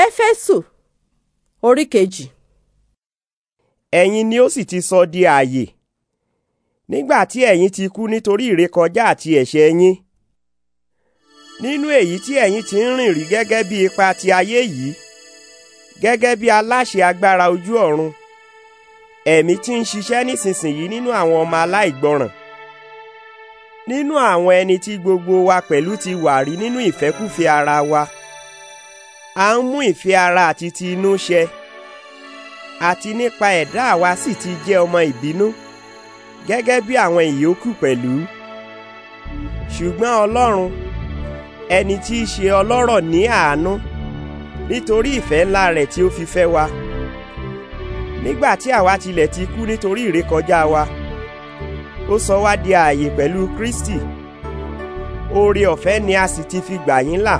éfésù orí kejì. ẹ̀yin ni ó sì ti sọ di ààyè nígbà tí ẹ̀yin ti kú nítorí ìrékọjá àti ẹ̀ṣẹ̀ yín nínú èyí tí ẹ̀yin ti ń rìn rí gẹ́gẹ́ bí ipa ti ayé yìí gẹ́gẹ́ bí aláṣẹ agbára ojú ọ̀run ẹ̀mí tí ń ṣiṣẹ́ nísinsìnyí nínú àwọn ọmọ aláìgbọràn nínú àwọn ẹni tí gbogbo wa pẹ̀lú ti wà rí nínú ìfẹ́kúfẹ̀ẹ́ ara wa a ń mú ìfẹ́ ara àti ti inú ṣẹ àti nípa ẹ̀dá àwa sì ti jẹ́ ọmọ ìbínú gẹ́gẹ́ bí àwọn ìyókù pẹ̀lú ṣùgbọ́n Ọlọ́run ẹni tí í ṣe ọlọ́rọ̀ ní àánú nítorí ìfẹ́ ńlá rẹ̀ tí ó fi fẹ́ wa nígbà tí àwa tilẹ̀ ti kú nítorí ìrékọjá wa ó sọ wá di ààyè pẹ̀lú Kristi oore ọ̀fẹ́ ni a sì ti fi gbà yín là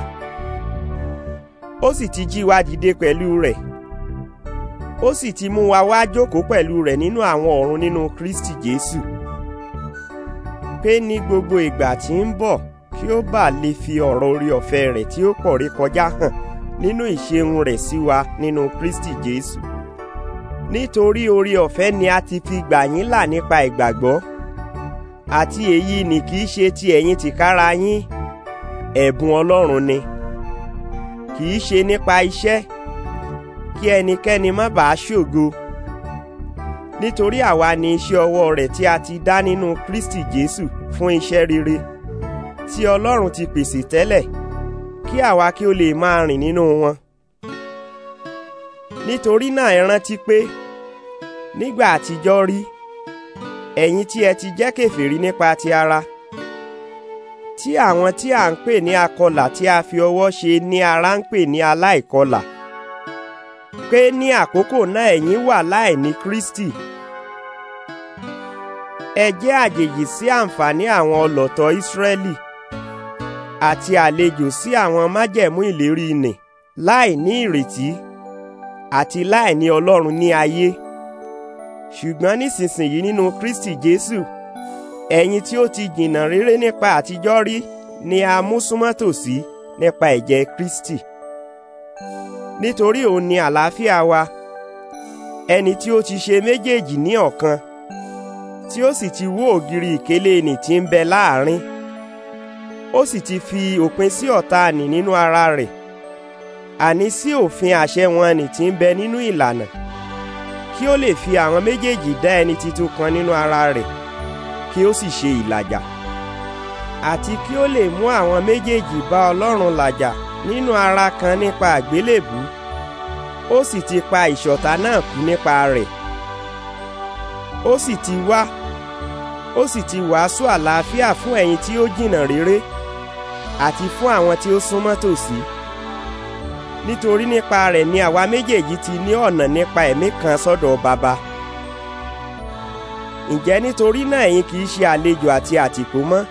ó sì ti jí wa dìde pẹ̀lú rẹ̀ ó sì ti mú wa wá jókòó pẹ̀lú rẹ̀ nínú àwọn ọ̀run nínú Kristi Jésù pé ní gbogbo ìgbà tí ń bọ̀ kí ó bàa lè fi ọ̀rọ̀ orí ọ̀fẹ́ rẹ̀ tí ó pọ̀ ré kọjá hàn nínú ìṣeun rẹ̀ sí wa nínú Kristi Jésù nítorí orí ọ̀fẹ́ ni a ti fi gbà yín là nípa ìgbàgbọ́ àti èyí ni kì í ṣe ti ẹ̀yin tìkára yín ẹ̀bùn Ọlọ́run ni kì í ṣe nípa iṣẹ́ kí ẹnikẹ́ni má bàa ṣògo nítorí àwa ni iṣẹ́ ọwọ́ rẹ̀ tí a ti dá nínú Kristi Jésù fún iṣẹ́ rere tí Ọlọ́run ti pèsè tẹ́lẹ̀ kí àwa kí ó lè máa rìn nínú wọn nítorí náà ẹ rántí pé nígbà àtijọ́ rí ẹ̀yin tí ẹ ti jẹ́ kèfèrí nípa ti ara tí àwọn tí à ń pè ní akọlà tí a fi ọwọ́ ṣe ní ara ń pè ní aláìkọlà pé ní àkókò náà ẹ̀yin wà láìní Kristi ẹ jẹ́ àjèjì sí àǹfààní àwọn ọlọ̀tọ̀ Ísírẹ́lì àti àlejò sí àwọn májẹ̀mú ìlérí nì láì ní ìrètí àti láì ní Ọlọ́run ní ayé ṣùgbọ́n nísinsìnyí nínú Kristi Jésù. No ẹ̀yin tí ó ti jìnnà réré nípa àtijọ́ rí ni a mú súnmọ́ tòsí nípa ẹ̀jẹ̀ Kristi nítorí òun ni àlàáfíà wa ẹni tí ó ti ṣe méjèèjì ní ọ̀kan tí ó sì ti wó ògiri ìkélé nì tí ń bẹ láàrin ó sì ti fi òpin sí ọ̀tá nì nínú ara rẹ̀ àní sí òfin àṣẹ wọn nì tí ń bẹ nínú ìlànà kí ó lè fi àwọn méjèèjì dá ẹni titun kan nínú ara rẹ̀ kí ó sì ṣe ìlàjà àti kí ó lè mú àwọn méjèèjì bá Ọlọ́run làjà nínú ara kan nípa àgbélébù ó sì ti pa ìṣọ̀tá náà kú nípa rẹ̀ ó sì ti wá ó sì ti wàásù àlàáfíà fún ẹ̀yin tí ó jìnnà réré àti fún àwọn tí ó súnmọ́ tòsí nítorí nípa rẹ̀ ni àwa méjèèjì ti ní ọ̀nà nípa ẹ̀mí kan sọ́dọ̀ baba. So ǹjẹ́ nítorí náà ẹ̀yin kì í ṣe àlejò àti àtìpó mọ́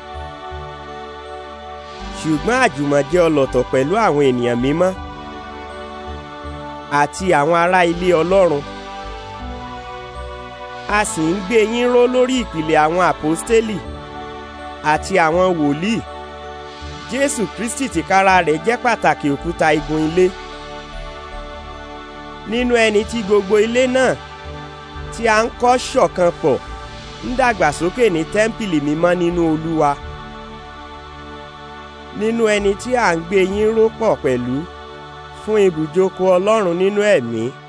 ṣùgbọ́n àjùmọ̀jẹ́ ọlọ́tọ̀ pẹ̀lú àwọn ènìyàn mímọ́ àti àwọn ará ilé Ọlọ́run a sì ń gbé yín ró lórí ìpìlẹ̀ àwọn àpọ́stélì àti àwọn wòlíì Jésù Kristi tìkára rẹ̀ jẹ́ pàtàkì òkúta igun ilé nínú ẹni tí gbogbo ilé náà tí a ń kọ́ ṣọ̀kan pọ̀ ń dàgbàsókè ní tẹ́ḿpìlì mímọ́ nínú olúwa nínú ẹni tí à ń gbé yín ró pọ̀ pẹ̀lú fún ibùjókòó ọlọ́run nínú ẹ̀mí. E